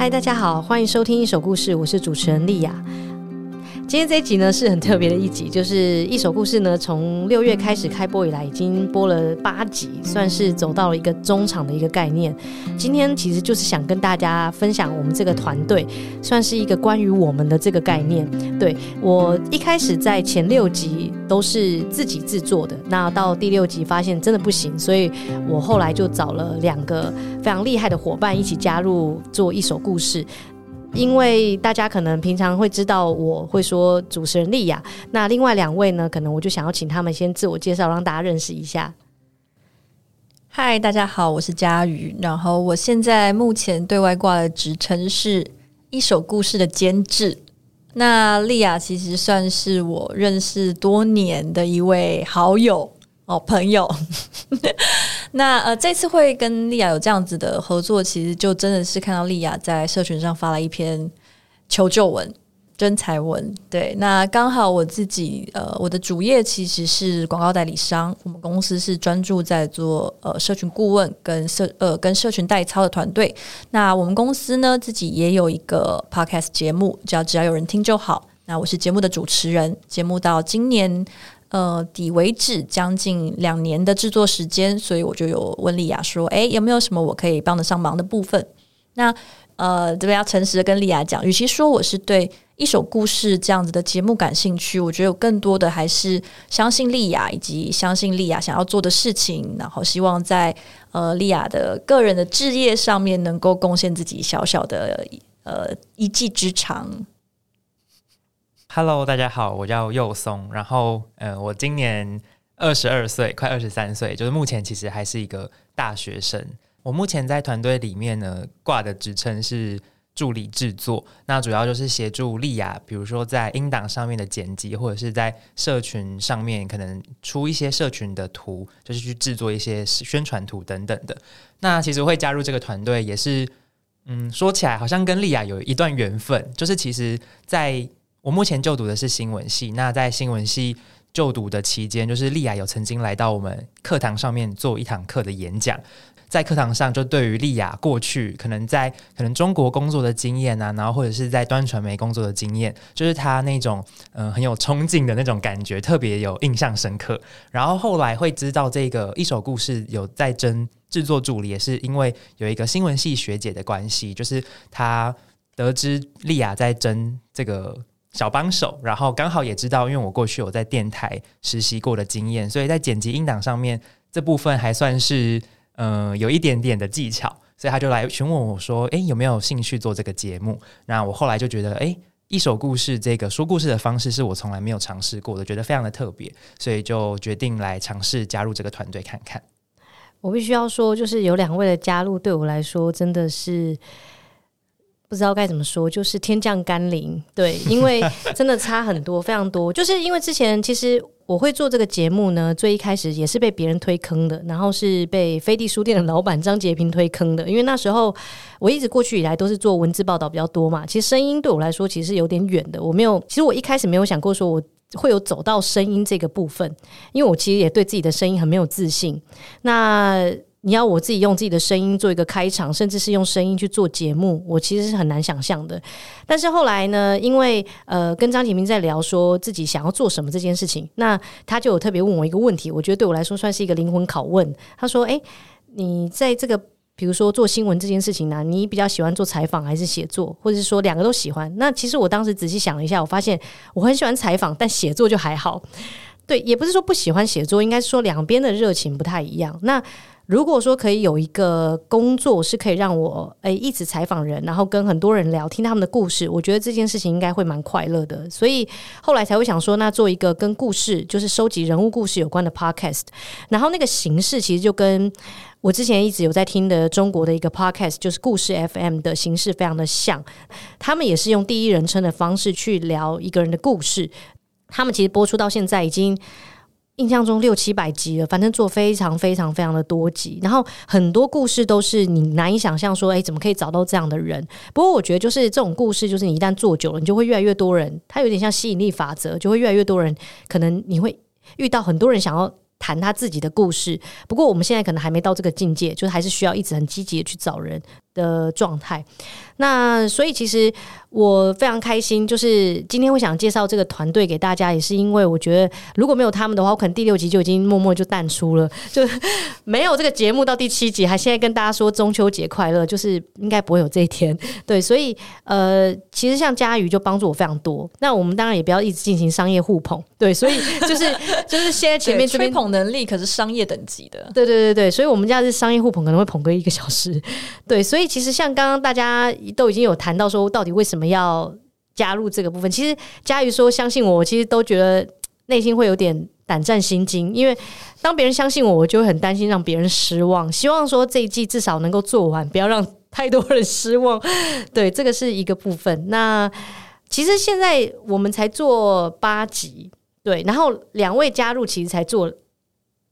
嗨，大家好，歡迎收聽《一手故事》，我是主持人莉雅。今天這一集呢是很特別的一集，就是《一手故事》呢，從六月開始開播以來，已經播了八集，算是走到了一個中場的一個概念。今天其實就是想跟大家分享我們這個團隊，算是一個關於我們的這個概念。對，我一開始在前六集都是自己製作的，那到第六集發現真的不行，所以我後來就找了兩個非常厲害的夥伴一起加入做《一手故事》。因為大家可能平常會知道我會說主持人莉雅，那另外兩位呢，可能我就想要請他們先自我介紹，讓大家認識一下。嗨，大家好，我是家瑜，然後我現在目前對外掛的職稱是一手故事的監製。那莉雅其實算是我認識多年的一位好友哦，朋友。 那呃，這次會跟莉雅有這樣子的合作，其實就真的是看到莉雅在社群上發了一篇求救文、徵才文。對，那剛好我自己呃，我的主業其實是廣告代理商，我們公司是專注在做呃社群顧問跟社呃跟社群代操的團隊。那我們公司呢，自己也有一個 podcast 節目，叫“只要有人聽就好”。那我是節目的主持人，節目到今年，呃，底為止，將近兩年的製作時間，所以我就有問莉雅說：“誒，有沒有什麼我可以幫得上忙的部分？”那呃，這邊要誠實的跟莉雅講，與其說我是對一手故事這樣子的節目感興趣，我覺得有更多的還是相信莉雅以及相信莉雅想要做的事情，然後希望在呃莉雅的個人的志業上面能夠貢獻自己小小的呃一技之長。Hello，大家好，我叫宥菘。然後，嗯、呃，我今年二十二歲，快二十三歲，就是目前其實還是一個大學生。我目前在團隊裡面呢，掛的職稱是助理製作，那主要就是協助莉雅，比如說在音檔上面的剪輯，或者是在社群上面可能出一些社群的圖，就是去製作一些宣傳圖等等的。那其實我會加入這個團隊也是，嗯，說起來好像跟莉雅有一段緣分，就是其實在。我目前就讀的是新聞系，那在新聞系就讀的期間，就是莉雅有曾經來到我們課堂上面做一堂課的演講，在課堂上就對於莉雅過去可能在可能中國工作的經驗啊，然後或者是在端傳媒工作的經驗，就是她那種嗯、呃、很有衝勁的那種感覺，特別有印象深刻。然後後來會知道這個一手故事有在徵製作助理，也是因為有一個新聞系學姐的關係，就是她得知莉雅在徵這個。小幫手，然後剛好也知道，因為我過去有在電台實習過的經驗，所以在剪輯音檔上面這部分還算是嗯、呃、有一點點的技巧，所以他就來詢問我說：“誒，有沒有興趣做這個節目？”那我後來就覺得，誒，一手故事這個說故事的方式是我從來沒有嘗試過的，覺得非常的特別，所以就決定來嘗試加入這個團隊看看。我必須要說，就是有兩位的加入對我來說真的是。不知道該怎麼說，就是天降甘霖，對，因為真的差很多， 非常多，就是因為之前其實我會做這個節目呢，最一開始也是被別人推坑的，然後是被飛地書店的老闆張杰平推坑的，因為那時候我一直過去以來都是做文字報道比較多嘛，其實聲音對我來說其實有點遠的，我沒有，其實我一開始沒有想過說我會有走到聲音這個部分，因為我其實也對自己的聲音很沒有自信，那。你要我自己用自己的聲音做一個開場，甚至是用聲音去做節目，我其實是很難想象的。但是後來呢，因為呃，跟張啟明在聊說自己想要做什麼這件事情，那他就有特別問我一個問題，我覺得對我來說算是一個靈魂拷問。他說：“誒、欸，你在這個比如說做新聞這件事情呢、啊，你比較喜歡做採訪還是寫作，或者是說兩個都喜歡？”那其實我當時仔細想了一下，我發現我很喜歡採訪，但寫作就還好。對，也不是說不喜歡寫作，應該是說兩邊的熱情不太一樣。那如果說可以有一個工作是可以讓我誒、欸、一直採訪人，然後跟很多人聊，聽他們的故事，我覺得這件事情應該會蠻快樂的。所以後來才會想說，那做一個跟故事，就是收集人物故事有關的 podcast，然後那個形式其實就跟我之前一直有在聽的中國的一個 podcast，就是故事 FM 的形式非常的像。他們也是用第一人稱的方式去聊一個人的故事，他們其實播出到現在已經。印象中六七百集了，反正做非常非常非常的多集，然後很多故事都是你難以想象說，說誒，怎麼可以找到這樣的人？不過我覺得就是這種故事，就是你一旦做久了，你就會越來越多人。它有點像吸引力法則，就會越來越多人。可能你會遇到很多人想要談他自己的故事。不過我們現在可能還沒到這個境界，就是還是需要一直很積極地去找人的狀態。那所以其實我非常開心，就是今天我想介紹這個團隊給大家，也是因為我覺得如果沒有他們的話，我可能第六集就已經默默就淡出了，就沒有這個節目到第七集，還現在跟大家說中秋節快樂，就是應該不會有這一天。對，所以呃，其實像家瑜就幫助我非常多。那我們當然也不要一直進行商業互捧。對，所以就是就是現在前面吹捧能力可是商業等級的，對對對對，所以我們家是商業互捧，可能會捧個一個小時。對，所以其實像剛剛大家，都已經有談到說，到底為什麼要加入這個部分？其實家瑜說相信我，我其實都覺得內心會有點膽戰心驚，因為當別人相信我，我就會很擔心讓別人失望。希望說這一季至少能夠做完，不要讓太多人失望。對，這個是一個部分。那其實現在我們才做八集，對，然後兩位加入其實才做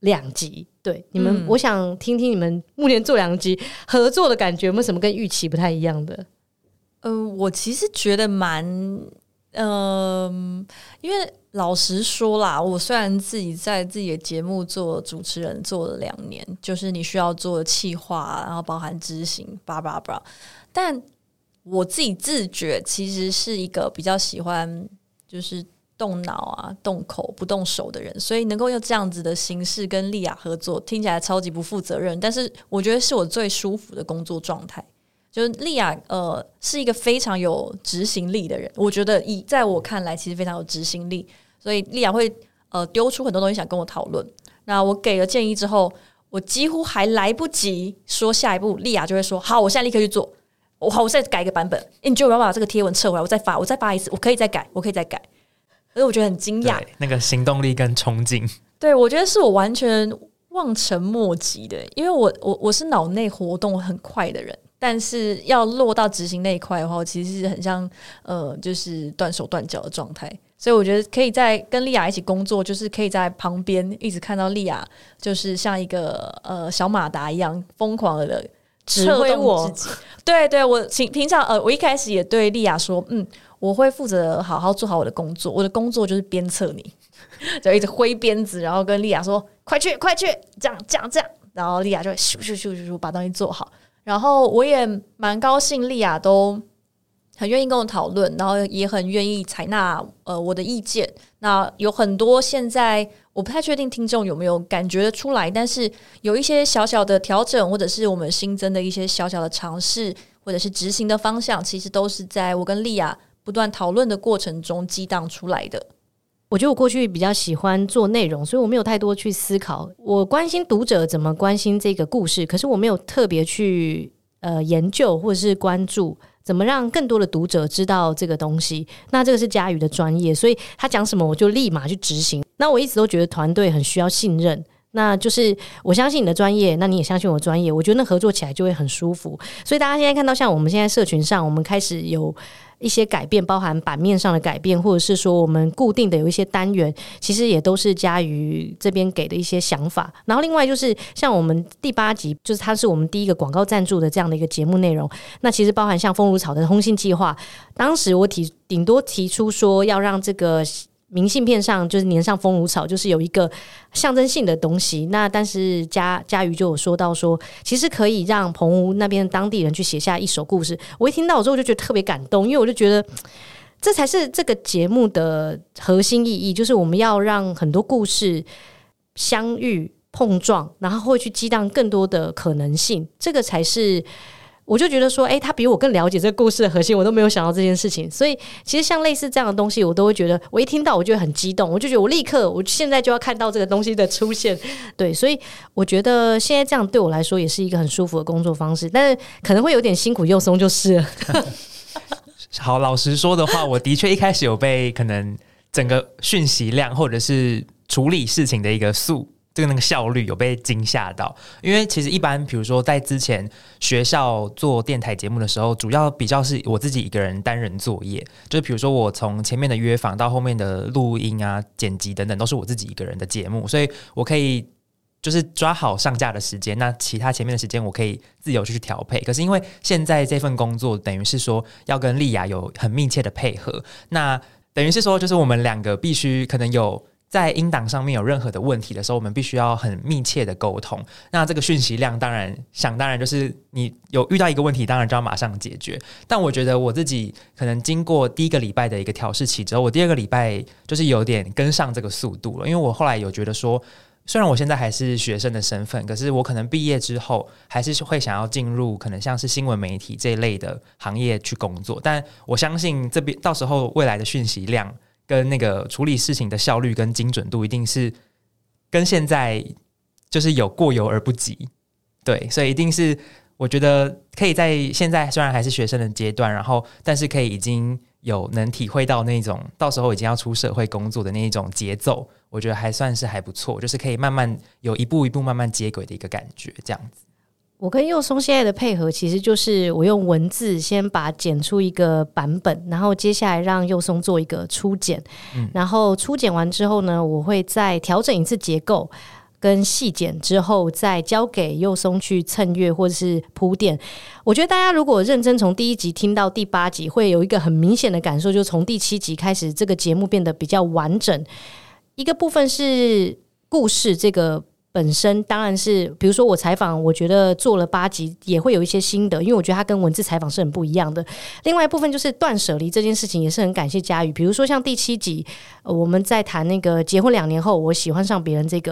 兩集。對，你們我想聽聽你們目前做兩集合作的感覺，有沒有什麼跟預期不太一樣的？嗯、呃，我其實覺得蠻，嗯、呃，因為老實說啦，我雖然自己在自己的節目做主持人做了兩年，就是你需要做的企劃，然後包含執行，叭叭叭。但我自己自覺其實是一個比較喜歡就是。動腦啊，動口不動手的人，所以能夠用這樣子的形式跟莉雅合作，聽起來超級不負責任。但是我覺得是我最舒服的工作狀態，就是莉雅呃是一個非常有執行力的人，我覺得以在我看來其實非常有執行力，所以莉雅會呃丟出很多東西想跟我討論。那我給了建議之後，我幾乎還來不及說下一步，莉雅就會說：“好，我現在立刻去做。”我好，我再改一個版本。誒你就要把這個貼文撤回來，我再發，我再發一次，我可以再改，我可以再改。所以我覺得很驚訝，那個行動力跟衝勁，對，我覺得是我完全望塵莫及的。因為我我我是腦內活動很快的人，但是要落到執行那一塊的話，我其實是很像呃，就是斷手斷腳的狀態。所以我覺得可以在跟莉雅一起工作，就是可以在旁邊一直看到莉雅，就是像一個呃小馬達一樣瘋狂的。指揮我，對對，對，我平平常呃，我一開始也對莉雅說，嗯，我會負責好好做好我的工作，我的工作就是鞭策你， 就一直揮鞭子，然後跟莉雅說，快去快去，這樣這樣這樣，然後莉雅就咻，咻咻咻咻咻把東西做好，然後我也蠻高興，莉雅都很願意跟我討論，然後也很願意採納呃我的意見。那有很多，現在我不太確定聽眾有沒有感覺出來，但是有一些小小的調整，或者是我們新增的一些小小的嘗試，或者是執行的方向，其實都是在我跟莉雅不斷討論的過程中激盪出來的。我覺得我過去比較喜歡做內容，所以我沒有太多去思考，我關心讀者怎麼關心這個故事，可是我沒有特別去呃研究或者是關注。怎麼讓更多的讀者知道這個東西？那這個是家瑜的專業，所以她講什麼我就立馬去執行。那我一直都覺得團隊很需要信任。那就是我相信你的專業，那你也相信我專業，我覺得那合作起來就會很舒服。所以大家現在看到，像我們現在社群上，我們開始有一些改變，包含版面上的改變，或者是說我們固定的有一些單元，其實也都是家瑜這邊給的一些想法。然後另外就是像我們第八集，就是它是我們第一個廣告贊助的這樣的一個節目內容。那其實包含像風如草的通信計劃，當時我提頂多提出說要讓這個。明信片上就是黏上風茹草，就是有一個象徵性的東西。那但是家家瑜就有說到說，其實可以讓澎湖那邊的當地人去寫下一首故事。我一聽到之後，就覺得特別感動，因為我就覺得這才是這個節目的核心意義，就是我們要讓很多故事相遇碰撞，然後會去激盪更多的可能性。這個才是。我就覺得說，哎、欸，他比我更了解這個故事的核心，我都沒有想到這件事情。所以，其實像類似這樣的東西，我都會覺得，我一聽到我就會很激動，我就覺得我立刻，我現在就要看到這個東西的出現。 對，所以我覺得現在這樣對我來說也是一個很舒服的工作方式，但是可能會有點辛苦又鬆，就是了。 好，老實說的話，我的確一開始有被可能整個訊息量，或者是處理事情的一個速。這個那個效率有被驚嚇到，因為其實一般，比如說在之前學校做電台節目的時候，主要比較是我自己一個人單人作業，就是比如說我從前面的約訪到後面的錄音啊、剪輯等等，都是我自己一個人的節目，所以我可以就是抓好上架的時間。那其他前面的時間我可以自由去調配。可是因為現在這份工作等於是說要跟莉雅有很密切的配合，那等於是說就是我們兩個必須可能有。在音檔上面有任何的問題的時候，我們必須要很密切的溝通。那這個訊息量，當然想當然就是你有遇到一個問題，當然就要馬上解決。但我覺得我自己可能經過第一個禮拜的一個調試期之後，我第二個禮拜就是有點跟上這個速度了。因為我後來有覺得說，雖然我現在還是學生的身份，可是我可能畢業之後還是會想要進入可能像是新聞媒體這一類的行業去工作。但我相信這邊到時候未來的訊息量。跟那個處理事情的效率跟精準度，一定是跟現在就是有過猶而不及，對，所以一定是我覺得可以在現在雖然還是學生的階段，然後但是可以已經有能體會到那種到時候已經要出社會工作的那一種節奏，我覺得還算是還不錯，就是可以慢慢有一步一步慢慢接軌的一個感覺，這樣子。我跟宥菘現在的配合，其實就是我用文字先把剪出一個版本，然後接下來讓宥菘做一個初剪、嗯，然後初剪完之後呢，我會再調整一次結構跟細剪之後，再交給宥菘去蹭月或者是鋪墊。我覺得大家如果認真從第一集聽到第八集，會有一個很明顯的感受，就從第七集開始，這個節目變得比較完整。一個部分是故事，這個。本身當然是，比如說我採訪，我覺得做了八集也會有一些心得，因為我覺得他跟文字採訪是很不一樣的。另外一部分就是斷捨離這件事情，也是很感謝家瑜。比如說像第七集，我們在談那個結婚兩年後，我喜歡上別人這個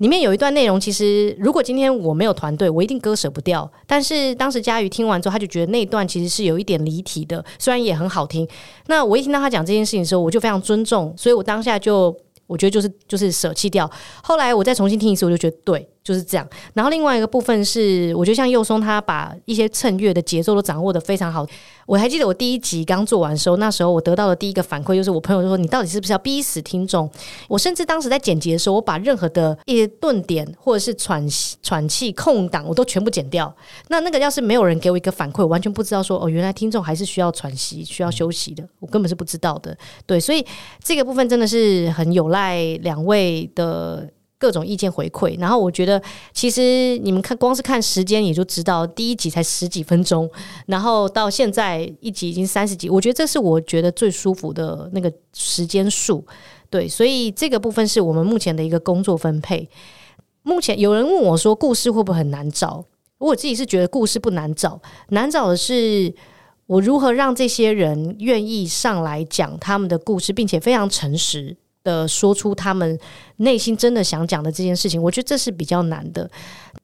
裡面有一段內容，其實如果今天我沒有團隊，我一定割捨不掉。但是當時家瑜聽完之後，他就覺得那一段其實是有一點離題的，雖然也很好聽。那我一聽到他講這件事情的時候，我就非常尊重，所以我當下就。我覺得就是就是捨棄掉。後來我再重新聽一次，我就覺得對。就是這樣。然後另外一個部分是，我覺得像宥菘，他把一些襯樂的節奏都掌握得非常好。我還記得我第一集剛做完的時候，那時候我得到的第一個反饋就是，我朋友就說：“你到底是不是要逼死聽眾？”我甚至當時在剪輯的時候，我把任何的一些頓點或者是喘息喘氣空檔，我都全部剪掉。那那個要是沒有人給我一個反饋，我完全不知道說哦，原來聽眾還是需要喘息、需要休息的，我根本是不知道的。對，所以這個部分真的是很有賴兩位的。各種意見回饋，然後我覺得，其實你們看，光是看時間也就知道，第一集才十幾分鐘，然後到現在一集已經三十集，我覺得這是我覺得最舒服的那個時間數。對，所以這個部分是我們目前的一個工作分配。目前有人問我說，故事會不會很難找？我自己是覺得故事不難找，難找的是我如何讓這些人願意上來講他們的故事，並且非常誠實。的說出他們內心真的想講的這件事情，我覺得這是比較難的。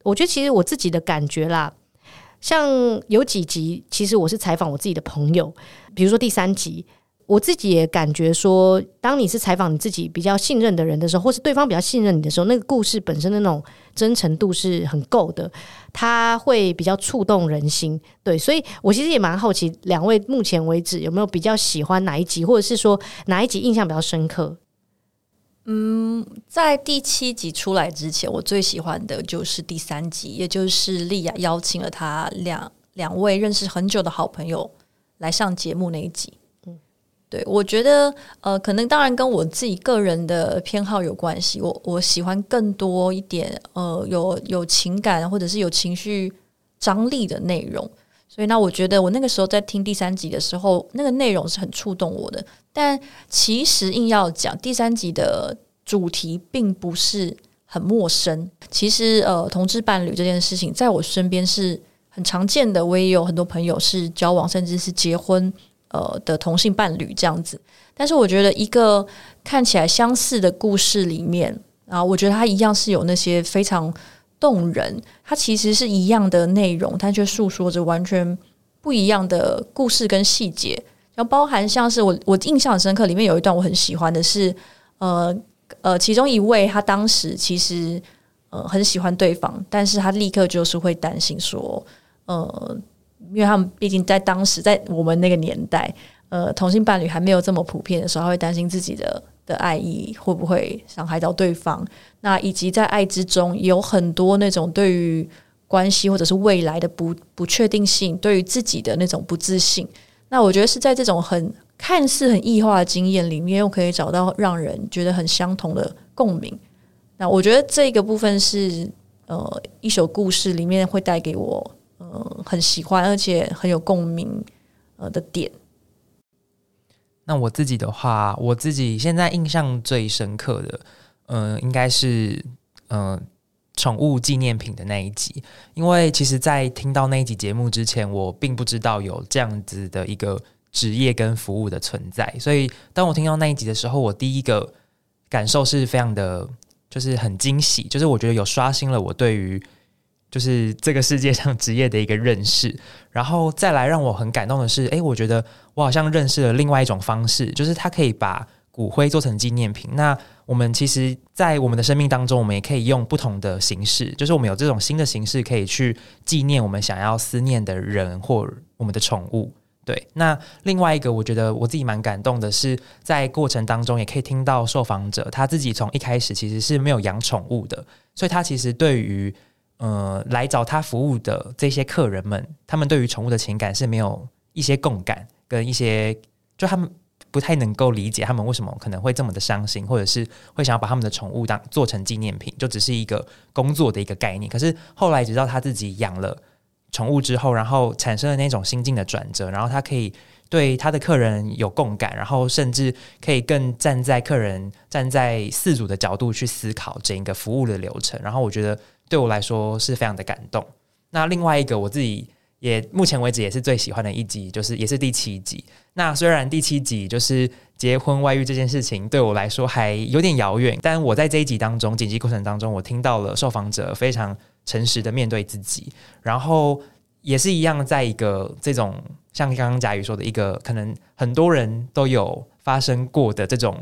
我覺得其實我自己的感覺啦，像有幾集，其實我是採訪我自己的朋友，比如說第三集，我自己也感覺說，當你是採訪你自己比較信任的人的時候，或是對方比較信任你的時候，那個故事本身的那種真誠度是很夠的，它會比較觸動人心。對，所以我其實也蠻好奇，兩位目前為止有沒有比較喜歡哪一集，或者是說哪一集印象比較深刻？嗯，在第七集出來之前，我最喜歡的就是第三集，也就是莉雅邀請了她兩兩位認識很久的好朋友來上節目那一集。嗯，對，我覺得呃，可能當然跟我自己個人的偏好有關係，我我喜歡更多一點呃，有有情感或者是有情緒張力的內容，所以那我覺得我那個時候在聽第三集的時候，那個內容是很觸動我的。但其實硬要講第三集的主題，並不是很陌生。其實呃，同志伴侶這件事情，在我身邊是很常見的。我也有很多朋友是交往，甚至是結婚呃的同性伴侶這樣子。但是我覺得一個看起來相似的故事裡面啊，我覺得它一樣是有那些非常動人。它其實是一樣的內容，但卻訴說着完全不一樣的故事跟細節。要包含像是我我印象很深刻，裡面有一段我很喜歡的是，呃呃，其中一位他當時其實呃很喜歡對方，但是他立刻就是會擔心說，呃，因為他們畢竟在當時在我們那個年代，呃，同性伴侶還沒有這麼普遍的時候，他會擔心自己的的愛意會不會傷害到對方，那以及在愛之中有很多那種對於關係或者是未來的不不確定性，對於自己的那種不自信。那我覺得是在這種很看似很異化的經驗裡面，又可以找到讓人覺得很相同的共鳴。那我覺得這個部分是呃，一手故事裡面會帶給我嗯、呃、很喜歡而且很有共鳴呃的點。那我自己的話，我自己現在印象最深刻的嗯、呃，應該是嗯。呃寵物紀念品的那一集，因為其實，在聽到那一集節目之前，我並不知道有這樣子的一個職業跟服務的存在。所以，當我聽到那一集的時候，我第一個感受是非常的，就是很驚喜。就是我覺得有刷新了我對於就是這個世界上職業的一個認識。然後再來讓我很感動的是，誒，我覺得我好像認識了另外一種方式，就是他可以把骨灰做成紀念品。那我們其實，在我們的生命當中，我們也可以用不同的形式，就是我們有這種新的形式，可以去紀念我們想要思念的人或我們的寵物。對，那另外一個，我覺得我自己蠻感動的是，在過程當中也可以聽到受訪者他自己從一開始其實是沒有養寵物的，所以他其實對於呃來找他服務的這些客人們，他們對於寵物的情感是沒有一些共感跟一些就他們。不太能夠理解他們為什麼可能會這麼的傷心，或者是會想要把他們的寵物當做成紀念品，就只是一個工作的一個概念。可是後來直到他自己養了寵物之後，然後產生了那種心境的轉折，然後他可以對他的客人有共感，然後甚至可以更站在客人，站在飼主的角度去思考整個服務的流程。然後我覺得對我來說是非常的感動。那另外一個我自己也目前為止也是最喜歡的一集，就是也是第七集。那雖然第七集就是結婚外遇這件事情對我來說還有點遙遠，但我在這一集當中，剪輯過程當中，我聽到了受訪者非常誠實的面對自己，然後也是一樣，在一個這種像剛剛家瑜說的一個可能很多人都有發生過的這種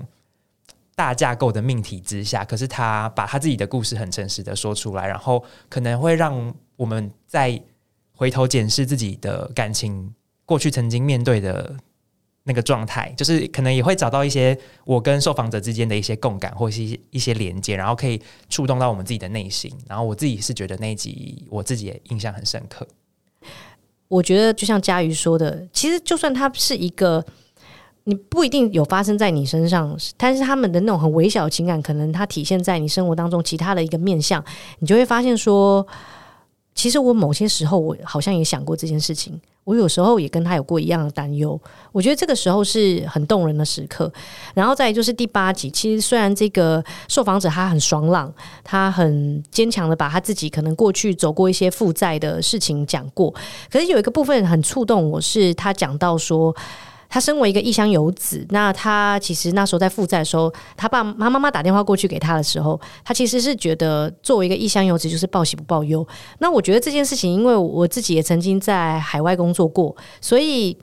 大架構的命題之下，可是他把他自己的故事很誠實的說出來，然後可能會讓我們再回頭檢視自己的感情過去曾經面對的。那個狀態，就是可能也會找到一些我跟受訪者之間的一些共感，或者是一些連接，然後可以觸動到我們自己的內心。然後我自己是覺得那一集我自己也印象很深刻。我覺得就像家瑜說的，其實就算它是一個，你不一定有發生在你身上，但是他們的那種很微小的情感，可能它體現在你生活當中其他的一個面向，你就會發現說。其實我某些時候我好像也想過這件事情，我有時候也跟他有過一樣的擔憂。我覺得這個時候是很動人的時刻。然後再就是第八集，其實雖然這個受訪者他很爽朗，他很堅強的把他自己可能過去走過一些負債的事情講過，可是有一個部分很觸動我，是他講到說。他身為一個異鄉遊子，那他其實那時候在負債的時候，他爸，他媽媽打電話過去給他的時候，他其實是覺得作為一個異鄉遊子就是報喜不報憂。那我覺得這件事情，因為我自己也曾經在海外工作過，所以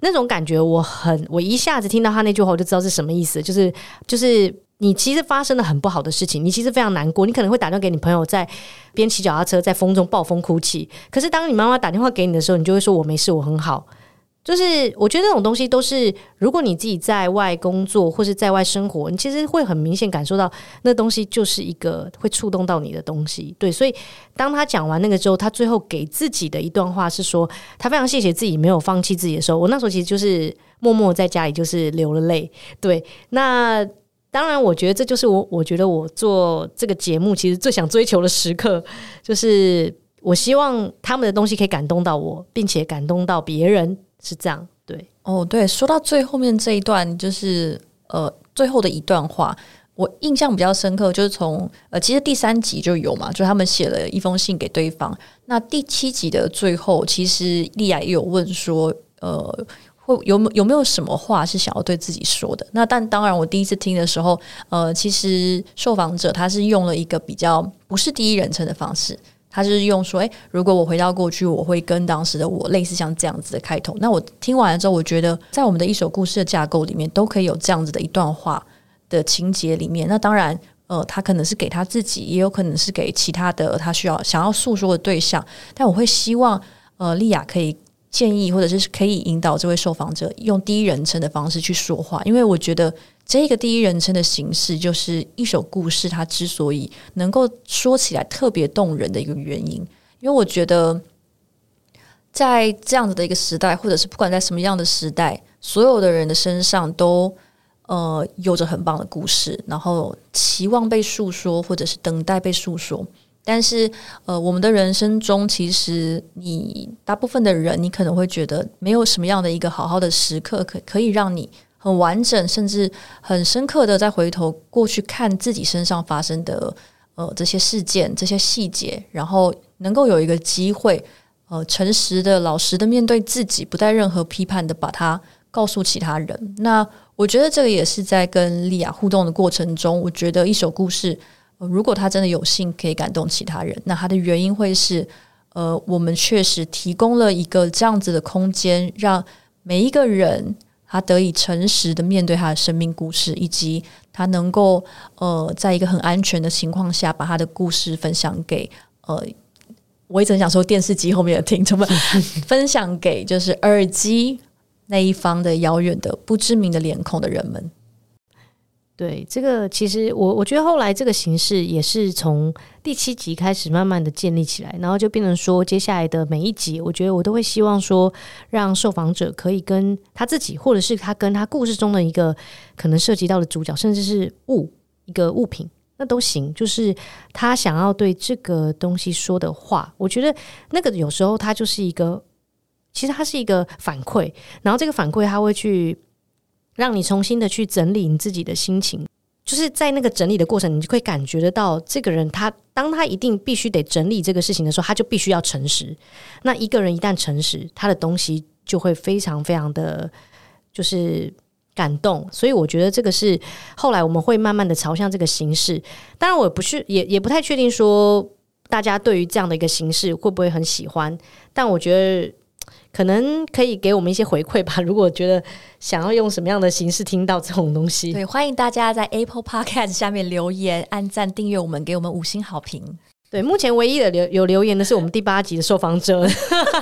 那種感覺我很，我一下子聽到他那句話，我就知道是什麼意思，就是就是你其實發生了很不好的事情，你其實非常難過，你可能會打電話給你朋友，在邊騎腳踏車在風中暴風哭泣，可是當你媽媽打電話給你的時候，你就會說我沒事，我很好。就是我覺得那種東西都是，如果你自己在外工作或是在外生活，你其實會很明顯感受到那東西就是一個會觸動到你的東西。對，所以當他講完那個之後，他最後給自己的一段話是說，他非常謝謝自己沒有放棄自己的時候。我那時候其實就是默默在家裡就是流了淚。對，那當然我覺得這就是我，我覺得我做這個節目其實最想追求的時刻，就是我希望他們的東西可以感動到我，並且感動到別人。是這樣，對哦，對，說到最後面這一段，就是呃，最後的一段話，我印象比較深刻，就是從呃，其實第三集就有嘛，就他們寫了一封信給對方。那第七集的最後，其實莉雅也有問說，呃，會有，有沒有什麼話是想要對自己說的？那但當然，我第一次聽的時候，呃，其實受訪者他是用了一個比較不是第一人稱的方式。他就是用說，誒，如果我回到過去，我會跟當時的我類似，像這樣子的開頭。那我聽完了之後，我覺得在我們的一手故事的架構裡面，都可以有這樣子的一段話的情節裡面。那當然，呃，他可能是給他自己，也有可能是給其他的他需要想要訴說的對象。但我會希望，呃，莉雅可以建議，或者就是可以引導這位受訪者用第一人稱的方式去說話，因為我覺得。這個第一人稱的形式，就是一手故事，它之所以能夠說起來特別動人的一個原因，因為我覺得，在這樣子的一個時代，或者是不管在什麼樣的時代，所有的人的身上都呃有着很棒的故事，然後期望被訴說，或者是等待被訴說。但是呃，我們的人生中，其實你大部分的人，你可能會覺得沒有什麼樣的一個好好的時刻可可以讓你。很完整，甚至很深刻的，再回頭過去看自己身上發生的呃這些事件、這些細節，然後能夠有一個機會，呃，誠實的、老實的面對自己，不帶任何批判的把它告訴其他人。那我覺得這個也是在跟莉雅互動的過程中，我覺得一手故事、呃，如果他真的有幸可以感動其他人，那他的原因會是，呃，我們確實提供了一個這樣子的空間，讓每一個人。他得以誠實地面對他的生命故事，以及他能夠呃，在一個很安全的情況下，把他的故事分享給呃，我一直想說電視機後面的聽眾們，麼 分享給就是耳機那一方的遙遠的不知名的臉孔的人們。對，這個其實我我覺得後來這個形式也是從第七集開始慢慢的建立起來，然後就變成說接下來的每一集，我覺得我都會希望說讓受訪者可以跟他自己，或者是他跟他故事中的一個可能涉及到的主角，甚至是物一個物品，那都行。就是他想要對這個東西說的話，我覺得那個有時候它就是一個，其實它是一個反饋，然後這個反饋他會去。讓你重新的去整理你自己的心情，就是在那個整理的過程，你就會感覺得到，這個人他當他一定必須得整理這個事情的時候，他就必須要誠實。那一個人一旦誠實，他的東西就會非常非常的，就是感動。所以我覺得這個是後來我們會慢慢的朝向這個形式。當然，我不是也也不太確定說大家對於這樣的一個形式會不會很喜歡，但我覺得。可能可以給我們一些回饋吧。如果覺得想要用什麼樣的形式聽到這種東西，對，歡迎大家在 Apple Podcast 下面留言、按讚、訂閱我們，給我們五星好評。對，目前唯一的留有留言的是我們第八集的受訪者，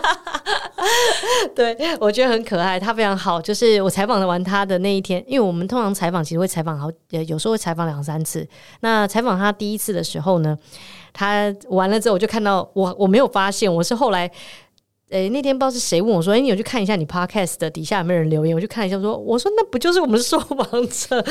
對，我覺得很可愛，他非常好。就是我採訪完他的那一天，因為我們通常採訪其實會採訪好，呃，有時候會採訪兩三次。那採訪他第一次的時候呢，他完了之後，我就看到我我沒有發現，我是後來。誒、欸，那天不知道是誰問我說：「誒、欸，你有去看一下你 podcast 的底下有沒有人留言？」我去看一下，說：「我說，那不就是我們受訪者？」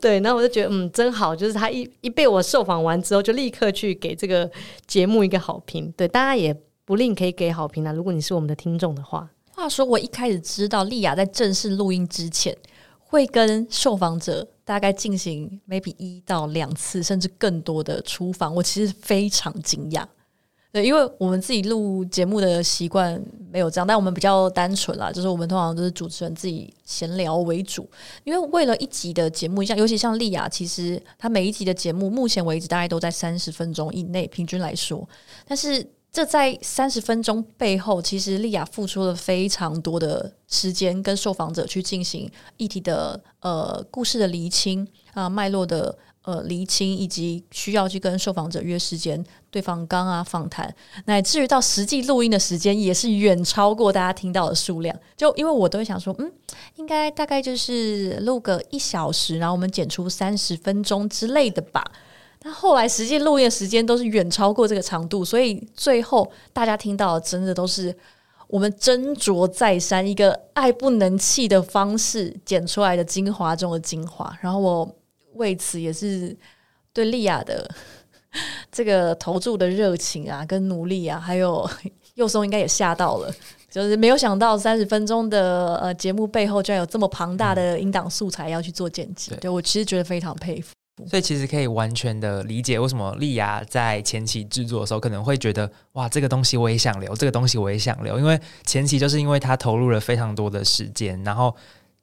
對，然後我就覺得，嗯，真好，就是他一一被我受訪完之後，就立刻去給這個節目一個好評。對，大家也不吝可以給好評啊，如果你是我們的聽眾的話。話說，我一開始知道莉雅在正式錄音之前會跟受訪者大概進行 maybe 一到兩次甚至更多的初訪，我其實非常驚訝。對，因為我們自己錄節目的習慣沒有這樣，但我們比較單純啦，就是我們通常都是主持人自己閒聊為主。因為為了一集的節目，像尤其像莉雅，其實她每一集的節目目前為止大概都在三十分鐘以內，平均來說。但是這在三十分鐘背後，其實莉雅付出了非常多的時間跟受訪者去進行議題的呃、故事的釐清啊、脈絡的。呃，釐清以及需要去跟受訪者約時間、對訪綱啊、訪談，乃至於到實際錄音的時間，也是遠超過大家聽到的數量。就因為我都會想說，嗯，應該大概就是錄個一小時，然後我們剪出三十分鐘之類的吧。但後來實際錄音的時間都是遠超過這個長度，所以最後大家聽到的，真的都是我們斟酌再三、一個愛不能棄的方式剪出來的精華中的精華。然後我。為此，也是對莉雅的這個投注的熱情啊，跟努力啊，還有宥菘應該也嚇到了，就是沒有想到三十分鐘的呃節目背後，居然有這麼龐大的音檔素材要去做剪輯。嗯、對，我其實覺得非常佩服，所以其實可以完全的理解為什麼莉雅在前期製作的時候，可能會覺得哇，這個東西我也想留，這個東西我也想留，因為前期就是因為他投入了非常多的時間，然後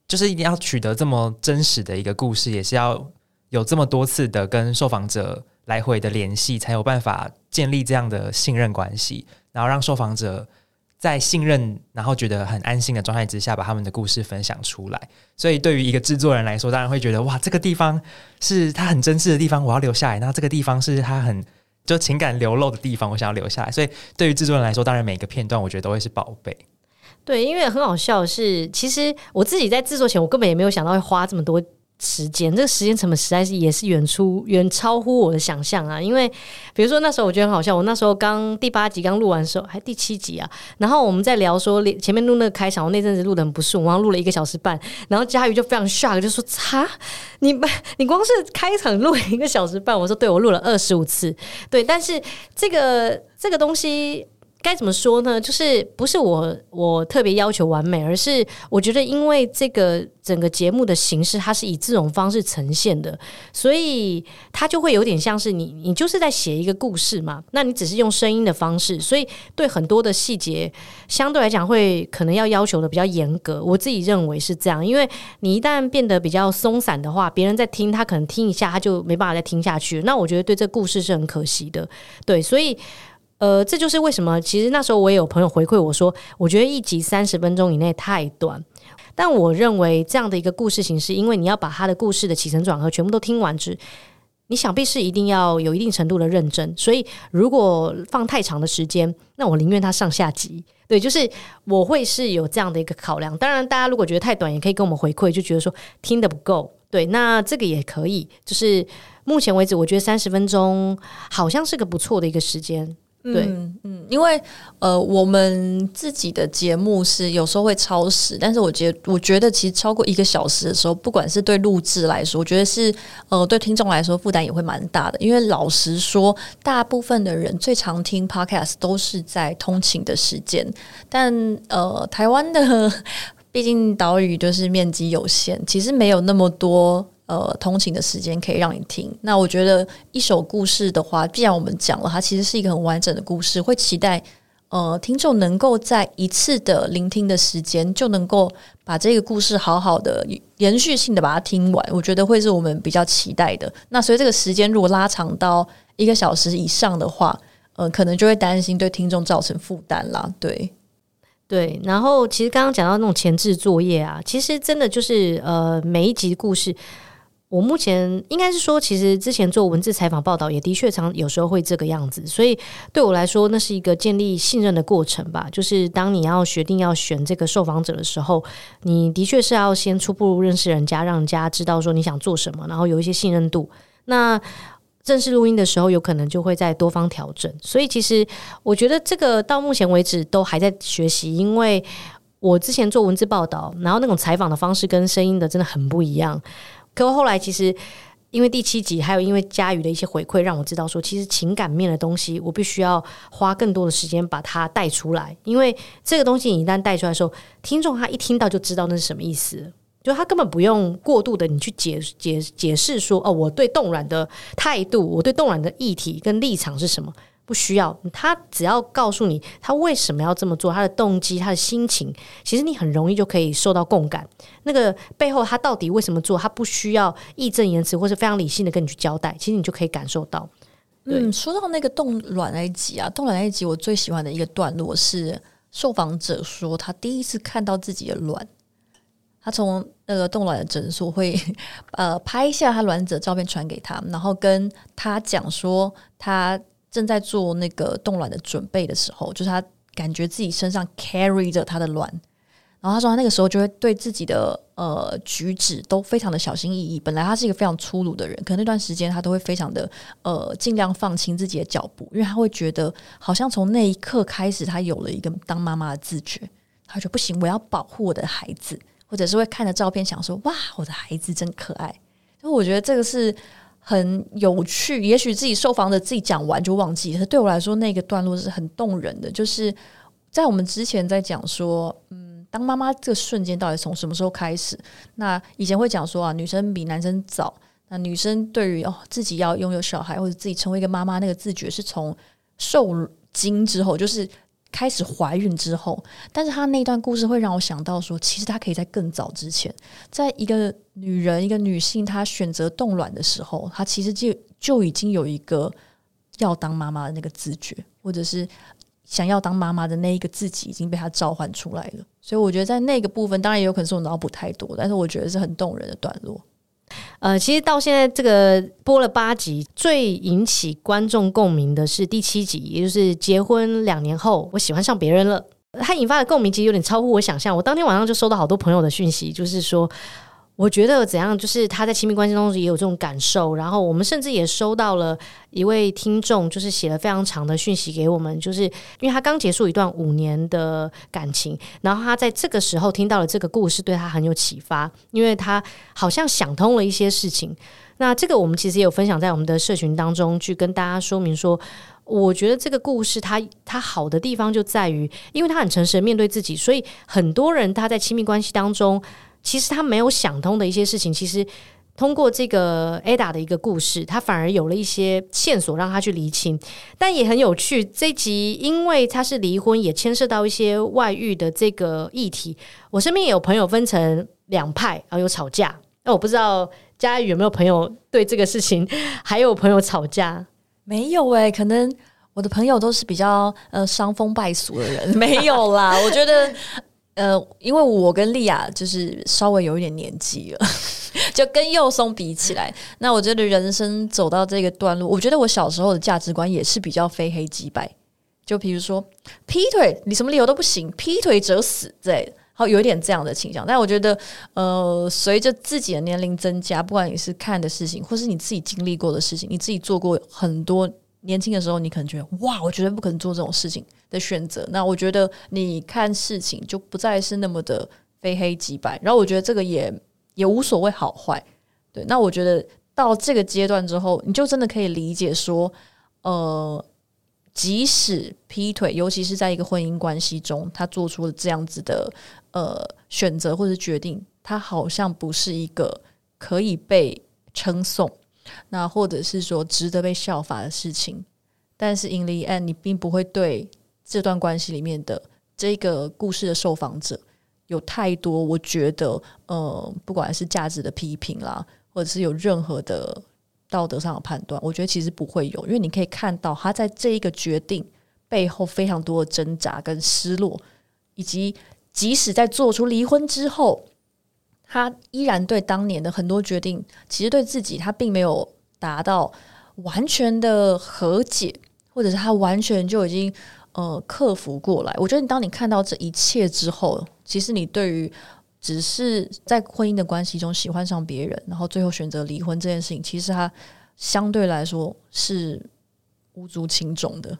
就是一定要取得這麼真實的一個故事，也是要。有這麼多次的跟受訪者來回的聯繫，才有辦法建立這樣的信任關係，然後讓受訪者在信任，然後覺得很安心的狀態之下，把他們的故事分享出來。所以，對於一個製作人來說，當然會覺得哇，這個地方是他很真摯的地方，我要留下來；那這個地方是他很就情感流露的地方，我想要留下來。所以，對於製作人來說，當然每個片段我覺得都會是寶貝。對，因為很好笑是，其實我自己在製作前，我根本也沒有想到會花這麼多。時間，這個時間成本實在是也是遠出遠超乎我的想象啊！因為比如說那時候我覺得很好笑，我那時候剛第八集剛錄完的時候，還第七集啊。然後我們在聊說前面錄那個開場，我那陣子錄得很不順，我剛錄了一個小時半，然後家瑜就非常 shock，就說：“擦，你你光是開場錄一個小時半？”我說：“對，我錄了二十五次。”對，但是這個這個東西。該怎麼說呢？就是不是我我特別要求完美，而是我覺得因為這個整個節目的形式，它是以這種方式呈現的，所以它就會有點像是你你就是在寫一個故事嘛。那你只是用聲音的方式，所以對很多的細節相對來講會可能要要求的比較嚴格。我自己認為是這樣，因為你一旦變得比較鬆散的話，別人在聽他可能聽一下他就沒辦法再聽下去。那我覺得對這故事是很可惜的。對，所以。呃，這就是為什麼，其實那時候我也有朋友回饋我說，我覺得一集三十分鐘以內太短。但我認為這樣的一個故事形式，因為你要把他的故事的起承轉合全部都聽完之，你想必是一定要有一定程度的認真。所以如果放太長的時間，那我寧願他上下集。對，就是我會是有這樣的一個考量。當然，大家如果覺得太短，也可以跟我們回饋，就覺得說聽得不夠。對，那這個也可以。就是目前為止，我覺得三十分鐘好像是個不錯的一個時間。對，嗯，嗯，因為呃，我們自己的節目是有時候會超時，但是我覺得，我覺得其實超過一個小時的時候，不管是對錄製來說，我覺得是呃，對聽眾來說負擔也會蠻大的。因為老實說，大部分的人最常聽 Podcast 都是在通勤的時間，但呃，台灣的畢竟島嶼就是面積有限，其實沒有那麼多。呃，通勤的時間可以讓你聽。那我覺得一手故事的話，既然我們講了，它其實是一個很完整的故事，會期待呃聽眾能夠在一次的聆聽的時間，就能夠把這個故事好好的延續性的把它聽完。我覺得會是我們比較期待的。那所以這個時間如果拉長到一個小時以上的話，呃，可能就會擔心對聽眾造成負擔啦。對對，然後其實剛剛講到那種前置作業啊，其實真的就是呃每一集故事。我目前應該是說，其實之前做文字採訪報道也的確常有時候會這個樣子，所以對我來說，那是一個建立信任的過程吧。就是當你要決定要選這個受訪者的時候，你的確是要先初步認識人家，讓人家知道說你想做什麼，然後有一些信任度。那正式錄音的時候，有可能就會再多方調整。所以其實我覺得這個到目前為止都還在學習，因為我之前做文字報道，然後那種採訪的方式跟聲音的真的很不一樣。可後來其實，因為第七集還有因為家瑜的一些回饋，讓我知道說，其實情感面的東西，我必須要花更多的時間把它帶出來。因為這個東西，你一旦帶出來的時候，聽眾他一聽到就知道那是什麼意思，就他根本不用過度的你去解解解釋說哦，我對凍卵的態度，我對凍卵的議題跟立場是什麼？不需要，他只要告訴你他為什麼要這麼做，他的動機，他的心情，其實你很容易就可以受到共感。那個背後他到底為什麼做，他不需要義正言辭或者非常理性的跟你去交代，其實你就可以感受到。嗯，說到那個凍卵那一集啊，凍卵那一集我最喜歡的一個段落是受訪者說他第一次看到自己的卵，他從那個凍卵的診所會呃拍一下他卵子的照片傳給他，然後跟他講說他。正在做那個凍卵的準備的時候，就是他感覺自己身上 carry 着他的卵，然後他說他那個時候就會對自己的呃舉止都非常的小心翼翼。本來他是一個非常粗魯的人，可能那段時間他都會非常的呃盡量放輕自己的腳步，因為他會覺得好像從那一刻開始他有了一個當媽媽的自覺。他會覺得不行，我要保護我的孩子，或者是會看着照片想說哇，我的孩子真可愛。所以我覺得這個是。很有趣，也許自己受訪者自己講完就忘記了。但對我來說，那個段落是很動人的，就是在我們之前在講說，嗯，當媽媽這個瞬間到底從什麼時候開始？那以前會講說啊，女生比男生早。那女生對於哦自己要擁有小孩或者自己成為一個媽媽那個自覺，是從受精之後，就是。開始懷孕之後，但是她那段故事會讓我想到說，其實她可以在更早之前，在一個女人、一個女性她選擇凍卵的時候，她其實就就已經有一個要當媽媽的那個自覺，或者是想要當媽媽的那一個自己已經被她召喚出來了。所以我覺得在那個部分，當然也有可能是我腦補太多，但是我覺得是很動人的段落。呃，其實到現在這個播了八集，最引起觀眾共鳴的是第七集，也就是結婚兩年後，我喜歡上別人了。它引發的共鳴其實有點超乎我想象，我當天晚上就收到好多朋友的訊息，就是說。我覺得怎樣，就是他在親密關係中也有這種感受。然後我們甚至也收到了一位聽眾，就是寫了非常長的訊息給我們，就是因為他剛結束一段五年的感情，然後他在這個時候聽到了這個故事，對他很有啟發，因為他好像想通了一些事情。那這個我們其實也有分享在我們的社群當中，去跟大家說明說，我覺得這個故事它它好的地方就在於，因為他很誠實的面對自己，所以很多人他在親密關係當中。其實他沒有想通的一些事情，其實通過這個 Ada 的一個故事，他反而有了一些線索讓他去理清。但也很有趣，這集因為他是離婚，也牽涉到一些外遇的這個議題。我身邊也有朋友分成兩派，然、啊、後有吵架。那、啊、我不知道家瑜有沒有朋友對這個事情還有朋友吵架？沒有哎、欸，可能我的朋友都是比較呃傷風敗俗的人， 沒有啦。我覺得。 呃，因為我跟莉雅就是稍微有一點年紀了， 就跟宥菘比起來，那我覺得人生走到這個段落，我覺得我小時候的價值觀也是比較非黑即白，就比如說劈腿，你什麼理由都不行，劈腿者死，對，好有一點這樣的傾向。但我覺得，呃，隨着自己的年齡增加，不管你是看的事情，或是你自己經歷過的事情，你自己做過很多。年輕的時候，你可能覺得哇，我絕對不可能做這種事情的選擇。那我覺得你看事情就不再是那麼的非黑即白。然後我覺得這個也也無所謂好壞，對。那我覺得到這個階段之後，你就真的可以理解說，呃，即使劈腿，尤其是在一個婚姻關係中，他做出了這樣子的呃選擇或是決定，他好像不是一個可以被稱頌。那或者是說值得被效法的事情，但是 in the end 你並不會對這段關係裡面的這個故事的受訪者有太多，我覺得呃，不管是價值的批評啦，或者是有任何的道德上的判斷，我覺得其實不會有，因為你可以看到他在這一個決定背後非常多的掙扎跟失落，以及即使在做出離婚之後。他依然對當年的很多決定，其實對自己，他並沒有達到完全的和解，或者是他完全就已經呃克服過來。我覺得，當你看到這一切之後，其實你對於只是在婚姻的關係中喜歡上別人，然後最後選擇離婚這件事情，其實他相對來說是無足輕重的。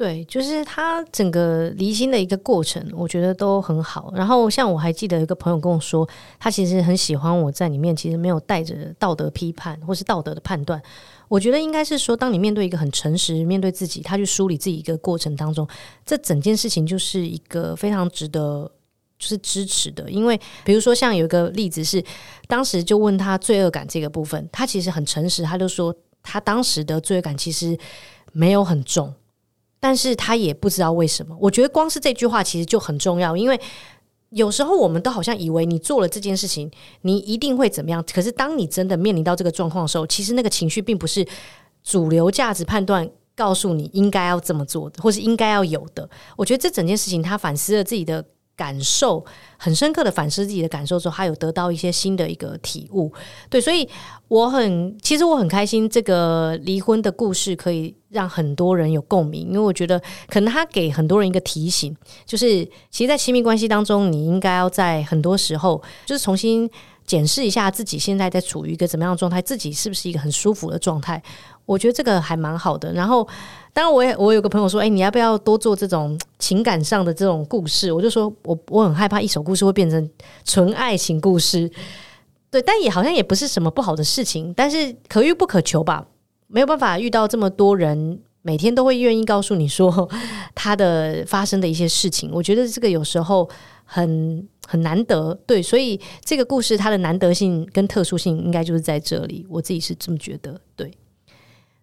對，就是他整個離心的一個過程，我覺得都很好。然後像我還記得一個朋友跟我說，他其實很喜歡我在你面前裡面，其實沒有帶着道德批判或是道德的判斷。我覺得應該是說，當你面對一個很誠實、面對自己，他去梳理自己一個過程當中，這整件事情就是一個非常值得就是支持的。因為比如說，像有一個例子是，當時就問他罪惡感這個部分，他其實很誠實，他就說他當時的罪惡感其實沒有很重。但是他也不知道為什麼。我覺得光是這句話其實就很重要，因為有時候我們都好像以為你做了這件事情，你一定會怎麼樣。可是當你真的面臨到這個狀況的時候，其實那個情緒並不是主流價值判斷告訴你應該要這麼做的，或是應該要有的。我覺得這整件事情，他反思了自己的感受。很深刻的反思自己的感受之後，他有得到一些新的一個體悟，對，所以我很其實我很開心，這個離婚的故事可以讓很多人有共鳴，因為我覺得可能他給很多人一個提醒，就是其實，在親密關係當中，你應該要在很多時候就是重新檢視一下自己現在在處於一個怎麼樣的狀態，自己是不是一個很舒服的狀態，我覺得這個還蠻好的。然後，當然我，我也我有個朋友說，哎，你要不要多做這種情感上的這種故事？我就說我我很害怕一手故事。故事會變成純愛情故事，對，但也好像也不是什麼不好的事情，但是可遇不可求吧，沒有辦法遇到這麼多人，每天都會願意告訴你說他的發生的一些事情，我覺得這個有時候很很難得，對，所以這個故事它的難得性跟特殊性應該就是在這裡，我自己是這麼覺得，對。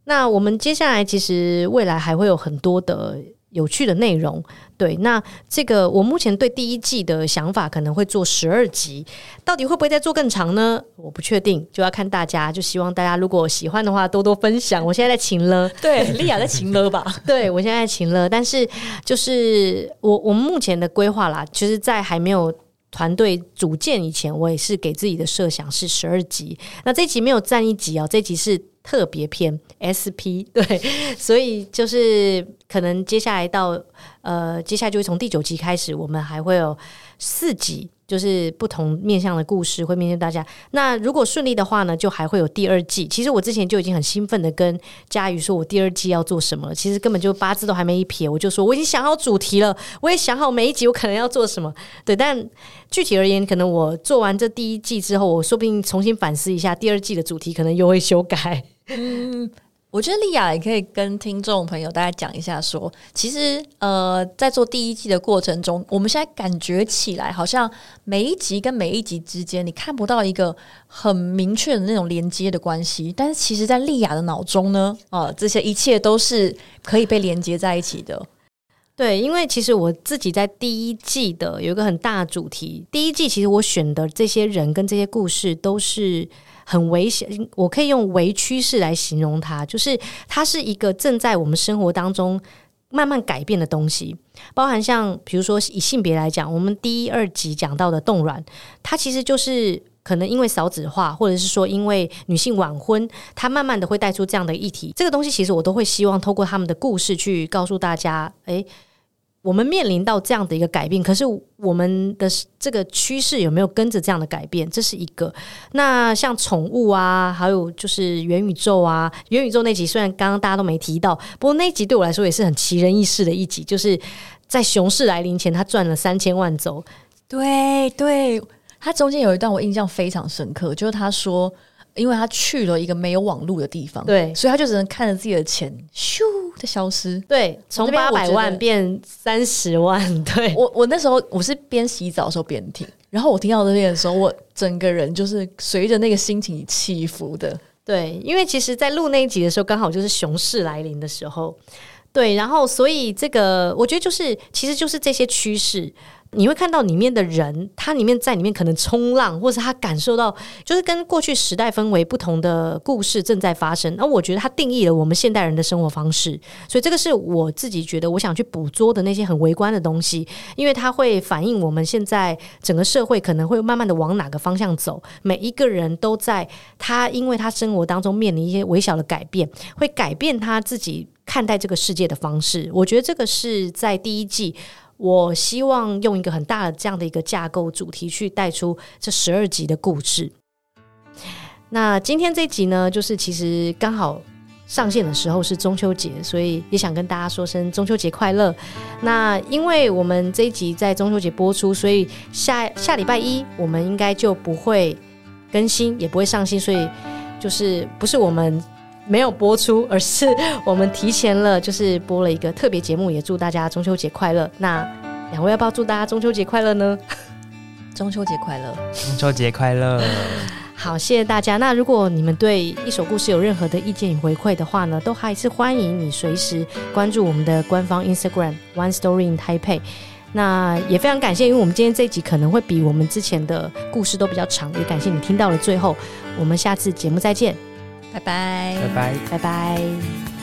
那我們接下來其實未來還會有很多的。有趣的內容，對，那這個我目前對第一季的想法可能會做十二集，到底會不會再做更長呢？我不確定，就要看大家。就希望大家如果喜歡的話，多多分享。我現在在晴了， 對，莉雅在晴了吧？ 對，我現在在晴了，但是就是我我們目前的規劃啦，就是在還沒有。團隊組建以前，我也是給自己的設想是十二集。那這集沒有佔一集哦，這集是特別篇 SP。對，所以就是可能接下來到呃，接下來就會從第九集開始，我們還會有四集。就是不同面向的故事會面向大家。那如果順利的話呢，就還會有第二季。其實我之前就已經很興奮的跟家瑜說，我第二季要做什麼了。其實根本就八字都還沒一撇，我就說我已經想好主題了，我也想好每一集我可能要做什麼。對，但具體而言，可能我做完這第一季之後，我說不定重新反思一下第二季的主題，可能又會修改。嗯。 我覺得莉雅也可以跟聽眾朋友大家講一下說，說其實呃，在做第一季的過程中，我們現在感覺起來好像每一集跟每一集之間，你看不到一個很明確的那種連接的關係。但是其實，在莉雅的腦中呢，哦、呃，這些一切都是可以被連接在一起的。對，因為其實我自己在第一季的有一個很大主題，第一季其實我選的這些人跟這些故事都是。很危險，我可以用“微趨勢”來形容它，就是它是一個正在我們生活當中慢慢改變的東西，包含像比如說以性別來講，我們第一、二集講到的凍卵，它其實就是可能因為少子化，或者是說因為女性晚婚，它慢慢的會帶出這樣的議題。這個東西其實我都會希望透過他們的故事去告訴大家，哎、欸。我們面臨到這樣的一個改變，可是我們的這個趨勢有沒有跟着這樣的改變？這是一個。那像寵物啊，還有就是元宇宙啊，元宇宙那集雖然剛剛大家都沒提到，不過那集對我來說也是很奇人異事的一集，就是在熊市來臨前他賺了三千萬週。對對，他中間有一段我印象非常深刻，就是他說。因為他去了一個沒有網絡的地方，對，所以他就只能看着自己的錢咻的消失，對，從八百萬變三十萬。對我，我那時候我是邊洗澡的時候邊聽，然後我聽到這邊的時候，我整個人就是隨着那個心情起伏的，對，因為其實，在錄那一集的時候，剛好就是熊市來臨的時候，對，然後所以這個，我覺得就是，其實就是這些趨勢。你會看到裡面的人，他裡面在裡面可能衝浪，或是他感受到就是跟過去時代氛圍不同的故事正在發生。而我覺得他定義了我們現代人的生活方式，所以這個是我自己覺得我想去捕捉的那些很微觀的東西，因為它會反映我們現在整個社會可能會慢慢的往哪個方向走。每一個人都在他因為他生活當中面臨一些微小的改變，會改變他自己看待這個世界的方式。我覺得這個是在第一季。我希望用一個很大的這樣的一個架構主題去帶出這十二集的故事。那今天這一集呢，就是其實剛好上線的時候是中秋節，所以也想跟大家說聲中秋節快樂。那因為我們這一集在中秋節播出，所以下下禮拜一我們應該就不會更新，也不會上新，所以就是不是我們。沒有播出，而是我們提前了，就是播了一個特別節目，也祝大家中秋節快樂。那兩位要不要祝大家中秋節快樂呢？ 中秋節快樂，中秋節快樂。 好，謝謝大家。那如果你們對一手故事有任何的意見與回饋的話呢，都還是歡迎你隨時關注我們的官方 Instagram One Story in Taipei。那也非常感謝，因為我們今天這集可能會比我們之前的故事都比較長，也感謝你聽到了最後。我們下次節目再見。拜拜，拜拜，拜拜。